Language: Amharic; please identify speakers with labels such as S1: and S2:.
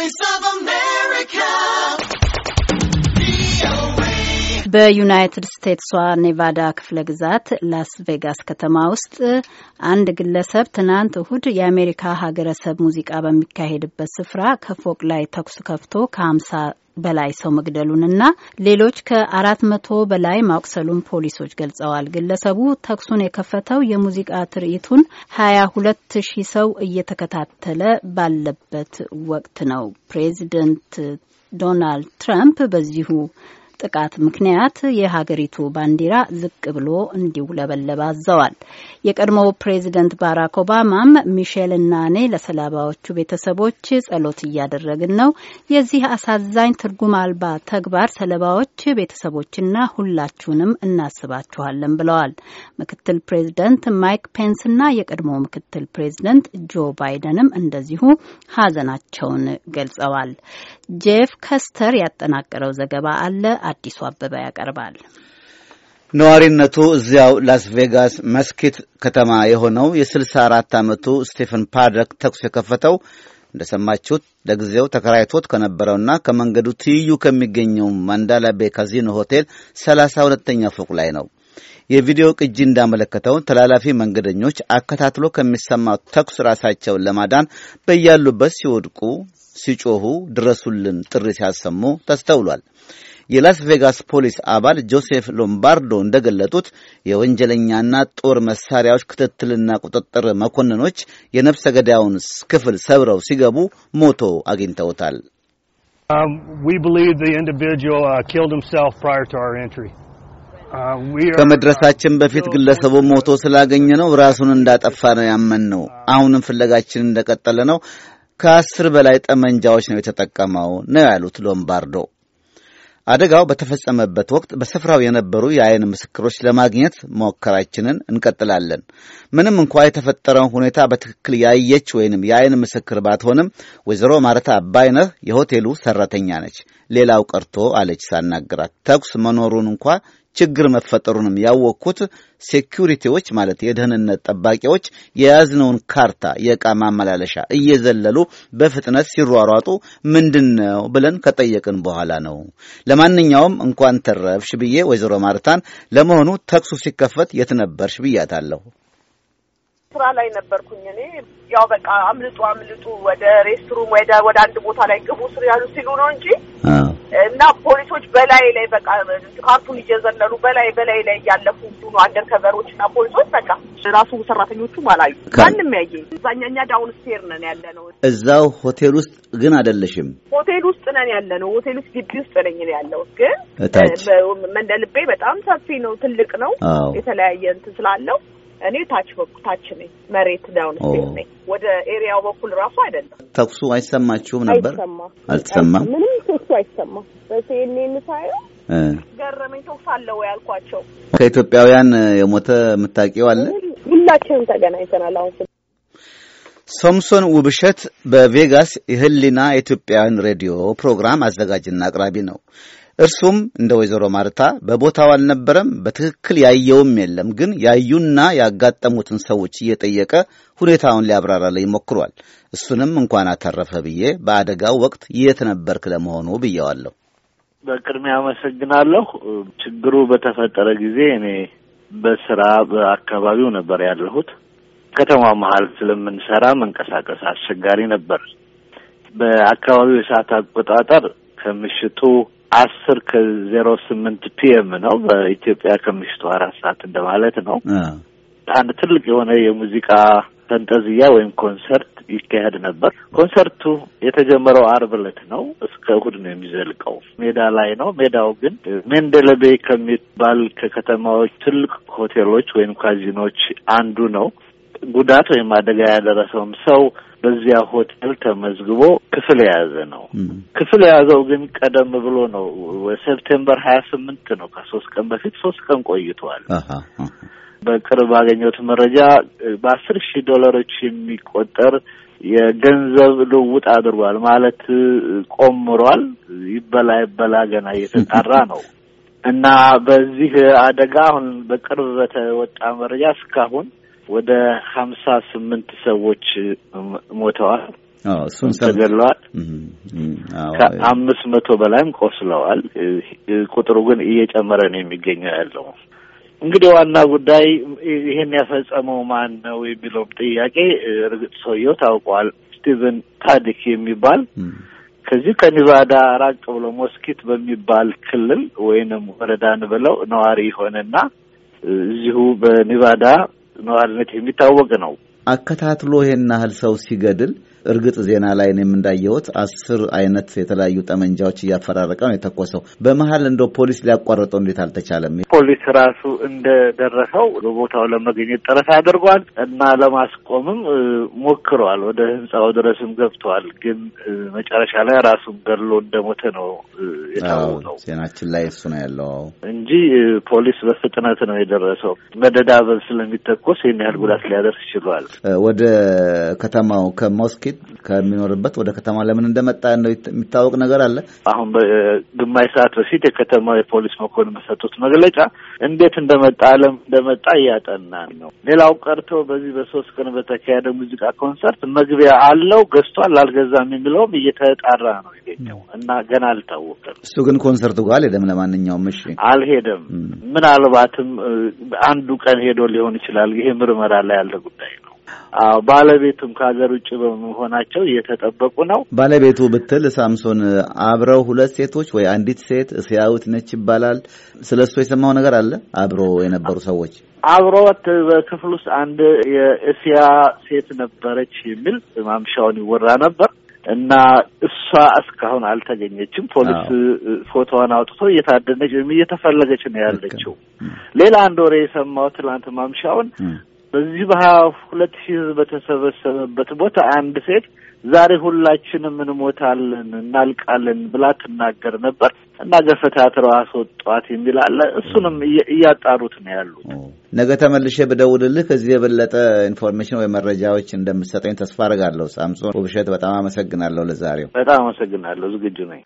S1: Voice of በዩናይትድ ስቴትሷ ኔቫዳ ክፍለ ግዛት ላስ ቬጋስ ከተማ ውስጥ አንድ ግለሰብ ትናንት እሁድ የአሜሪካ ሀገረሰብ ሙዚቃ በሚካሄድበት ስፍራ ከፎቅ ላይ ተኩስ ከፍቶ ከሀምሳ በላይ ሰው መግደሉንና ሌሎች ከአራት መቶ በላይ ማቁሰሉን ፖሊሶች ገልጸዋል። ግለሰቡ ተኩሱን የከፈተው የሙዚቃ ትርኢቱን ሀያ ሁለት ሺህ ሰው እየተከታተለ ባለበት ወቅት ነው። ፕሬዚደንት ዶናልድ ትራምፕ በዚሁ ጥቃት ምክንያት የሀገሪቱ ባንዲራ ዝቅ ብሎ እንዲውለበለብ አዘዋል። የቀድሞው ፕሬዚደንት ባራክ ኦባማም ሚሼል እና እኔ ለሰለባዎቹ ቤተሰቦች ጸሎት እያደረግን ነው። የዚህ አሳዛኝ ትርጉም አልባ ተግባር ሰለባዎች ቤተሰቦችና ሁላችሁንም እናስባችኋለን ብለዋል። ምክትል ፕሬዚደንት ማይክ ፔንስ እና የቀድሞ ምክትል ፕሬዚደንት ጆ ባይደንም እንደዚሁ ሀዘናቸውን ገልጸዋል። ጄፍ ከስተር ያጠናቀረው ዘገባ አለ። አዲሱ አበባ ያቀርባል።
S2: ነዋሪነቱ እዚያው ላስ ቬጋስ መስኪት ከተማ የሆነው የ64 ዓመቱ ስቴፈን ፓደክ ተኩስ የከፈተው እንደሰማችሁት ለጊዜው ተከራይቶት ከነበረውና ከመንገዱ ትይዩ ከሚገኘው ማንዳላ ቤ ካዚኖ ሆቴል 32ኛ ፎቅ ላይ ነው። የቪዲዮ ቅጂ እንዳመለከተው ተላላፊ መንገደኞች አከታትሎ ከሚሰማው ተኩስ ራሳቸውን ለማዳን በያሉበት ሲወድቁ፣ ሲጮሁ፣ ድረሱልን ጥሪ ሲያሰሙ ተስተውሏል። የላስ ቬጋስ ፖሊስ አባል ጆሴፍ ሎምባርዶ እንደገለጡት የወንጀለኛና ጦር መሳሪያዎች ክትትልና ቁጥጥር መኮንኖች የነፍሰ ገዳዩን ክፍል ሰብረው ሲገቡ ሞቶ አግኝተውታል።
S3: um, ከመድረሳችን
S2: በፊት ግለሰቡ ሞቶ ስላገኘ ነው ራሱን እንዳጠፋ ነው ያመን ነው። አሁንም ፍለጋችን እንደቀጠለ ነው። ከአስር በላይ ጠመንጃዎች ነው የተጠቀመው ነው ያሉት ሎምባርዶ። አደጋው በተፈጸመበት ወቅት በስፍራው የነበሩ የአይን ምስክሮች ለማግኘት ሞከራችንን እንቀጥላለን። ምንም እንኳ የተፈጠረውን ሁኔታ በትክክል ያየች ወይንም የአይን ምስክር ባትሆንም ወይዘሮ ማረታ አባይነህ የሆቴሉ ሰራተኛ ነች። ሌላው ቀርቶ አለች ሳናግራት ተኩስ መኖሩን እንኳ ችግር መፈጠሩንም ያወቅኩት ሴኪሪቲዎች ማለት የደህንነት ጠባቂዎች የያዝነውን ካርታ የዕቃ ማመላለሻ እየዘለሉ በፍጥነት ሲሯሯጡ ምንድን ነው ብለን ከጠየቅን በኋላ ነው። ለማንኛውም እንኳን ተረፍሽ ብዬ ወይዘሮ ማርታን ለመሆኑ ተኩሱ ሲከፈት የት ነበርሽ ብያታለሁ።
S3: ስራ ላይ ነበርኩኝ እኔ ያው በቃ አምልጡ አምልጡ፣ ወደ ሬስትሩም ወደ ወደ አንድ ቦታ ላይ ግቡ ስር ያሉ ሲሉ ነው እንጂ እና ፖሊሶች በላይ ላይ በቃ ካርቱን እየዘለሉ በላይ በላይ ላይ እያለፉ ሁሉ አንደር ከቨሮች እና ፖሊሶች በቃ ራሱ ሰራተኞቹም አላዩ ማንም ያየ እዛኛኛ ዳውን ስቴር ነን ያለ ነው።
S2: እዛው ሆቴል ውስጥ ግን አይደለሽም።
S3: ሆቴል ውስጥ ነን ያለ ነው። ሆቴል ውስጥ ግቢ ውስጥ ነኝ ነው ያለው ግን መንደልቤ በጣም ሰፊ ነው፣ ትልቅ ነው፣ የተለያየ እንትን ስላለው እኔ ታች ታች ነኝ፣ መሬት ዳውን ነኝ። ወደ ኤሪያው በኩል ራሱ አይደለም።
S2: ተኩሱ አይሰማችሁም ነበር? አልተሰማም፣
S1: ምንም ተኩሱ አይሰማም። በሴኔ የምታየው ገረመኝ። ተኩስ አለው ያልኳቸው።
S2: ከኢትዮጵያውያን የሞተ የምታውቂው አለ? ሁላችንም
S1: ተገናኝተናል። አሁን
S2: ሶምሶን ውብሸት በቬጋስ የህሊና የኢትዮጵያውያን ሬዲዮ ፕሮግራም አዘጋጅና አቅራቢ ነው። እርሱም እንደ ወይዘሮ ማርታ በቦታው አልነበረም፣ በትክክል ያየውም የለም። ግን ያዩና ያጋጠሙትን ሰዎች እየጠየቀ ሁኔታውን ሊያብራራልኝ ሞክሯል። እሱንም እንኳን አተረፈ ብዬ በአደጋው ወቅት የት ነበርክ ለመሆኑ ብየዋለሁ።
S3: በቅድሚያ አመሰግናለሁ። ችግሩ በተፈጠረ ጊዜ እኔ በስራ በአካባቢው ነበር ያለሁት። ከተማ መሀል ስለምንሰራ መንቀሳቀስ አስቸጋሪ ነበር። በአካባቢው የሰዓት አቆጣጠር ከምሽቱ አስር ከዜሮ ስምንት ፒኤም ነው በኢትዮጵያ ከምሽቱ አራት ሰዓት እንደማለት ነው። አንድ ትልቅ የሆነ የሙዚቃ ፈንጠዝያ ወይም ኮንሰርት ይካሄድ ነበር። ኮንሰርቱ የተጀመረው አርብ ዕለት ነው፣ እስከ እሁድ ነው የሚዘልቀው። ሜዳ ላይ ነው። ሜዳው ግን ሜንደለቤ ከሚባል ከከተማዎች ትልቅ ሆቴሎች ወይም ካዚኖች አንዱ ነው። ጉዳት ወይም አደጋ ያደረሰውም ሰው በዚያ ሆቴል ተመዝግቦ ክፍል የያዘ ነው። ክፍል የያዘው ግን ቀደም ብሎ ነው። ሴፕቴምበር ሀያ ስምንት ነው። ከሶስት ቀን በፊት ሶስት ቀን ቆይተዋል። በቅርብ ባገኘሁት መረጃ በአስር ሺህ ዶላሮች የሚቆጠር የገንዘብ ልውውጥ አድርጓል። ማለት ቆምሯል። ይበላ ይበላ ገና እየተጣራ ነው እና በዚህ አደጋ አሁን በቅርብ በተወጣ መረጃ እስካሁን ወደ ሀምሳ ስምንት ሰዎች ሞተዋል፣ እሱን ተገለዋል።
S2: ከአምስት
S3: መቶ በላይም ቆስለዋል። ቁጥሩ ግን እየጨመረ ነው የሚገኘው ያለው። እንግዲህ ዋና ጉዳይ ይሄን ያፈጸመው ማን ነው የሚለውም ጥያቄ እርግጥ ሰውየው ታውቋል። ስቲቨን ታዲክ የሚባል ከዚህ ከኒቫዳ ራቅ ብሎ ሞስኪት በሚባል ክልል ወይንም ወረዳን ብለው ነዋሪ የሆነና እዚሁ በኒቫዳ ነዋሪነት የሚታወቅ ነው።
S2: አከታትሎ ይሄን ያህል ሰው ሲገድል እርግጥ ዜና ላይ እኔም እንዳየሁት አስር አይነት የተለያዩ ጠመንጃዎች እያፈራረቀ ነው የተኮሰው። በመሀል እንደ ፖሊስ ሊያቋርጠው እንዴት አልተቻለም?
S3: ፖሊስ ራሱ እንደደረሰው በቦታው ለመገኘት ጥረት አድርጓል እና ለማስቆምም ሞክረዋል። ወደ ህንፃው ድረስም ገብተዋል። ግን መጨረሻ ላይ ራሱም ገድሎ እንደሞተ ነው
S2: የታወቀው። ዜናችን ላይ እሱ ነው ያለው
S3: እንጂ ፖሊስ በፍጥነት ነው የደረሰው። መደዳበል ስለሚተኮስ ይህን ያህል ጉዳት ሊያደርስ ችሏል።
S2: ወደ ከተማው ከሞስኬ በፊት ከሚኖርበት ወደ ከተማ ለምን እንደመጣ ነው የሚታወቅ ነገር አለ።
S3: አሁን በግማሽ ሰዓት በፊት የከተማ የፖሊስ መኮንን በሰጡት መግለጫ እንዴት እንደመጣ አለም እንደመጣ እያጠናን ነው። ሌላው ቀርቶ በዚህ በሶስት ቀን በተካሄደ ሙዚቃ ኮንሰርት መግቢያ አለው ገዝቷል አልገዛም የሚለውም
S2: እየተጣራ
S3: ነው ይገኘው እና ገና አልታወቀም።
S2: እሱ ግን ኮንሰርቱ ጋር አልሄደም። ለማንኛውም እሺ፣
S3: አልሄደም። ምናልባትም አንዱ ቀን ሄዶ ሊሆን ይችላል። ይሄ ምርመራ ላይ ያለ ጉዳይ ነው። ባለቤቱም ከሀገር ውጭ በመሆናቸው እየተጠበቁ ነው።
S2: ባለቤቱ ብትል ሳምሶን አብረው ሁለት ሴቶች ወይ አንዲት ሴት እስያዊት ነች ይባላል። ስለ እሱ የሰማው ነገር አለ? አብሮ የነበሩ ሰዎች
S3: አብሮት በክፍል ውስጥ አንድ የእስያ ሴት ነበረች የሚል ማምሻውን ይወራ ነበር እና እሷ እስካሁን አልተገኘችም። ፖሊስ ፎቶዋን አውጥቶ እየታደነች ወይም እየተፈለገች ነው ያለችው። ሌላ አንድ ወሬ የሰማው ትላንት ማምሻውን በዚህ በሀያ ሁለት ሺህ ህዝብ በተሰበሰበበት ቦታ አንድ ሴት ዛሬ ሁላችንም እንሞታለን እናልቃለን ብላ ትናገር ነበር እና ገፈታትረው አስወጧት የሚል አለ። እሱንም እያጣሩት ነው ያሉት።
S2: ነገ ተመልሼ ብደውልልህ ከዚህ የበለጠ ኢንፎርሜሽን ወይ መረጃዎች እንደምትሰጠኝ ተስፋ አድርጋለሁ። ሳምሶን ውብሸት፣ በጣም አመሰግናለሁ። ለዛሬው
S3: በጣም አመሰግናለሁ። ዝግጁ ነኝ።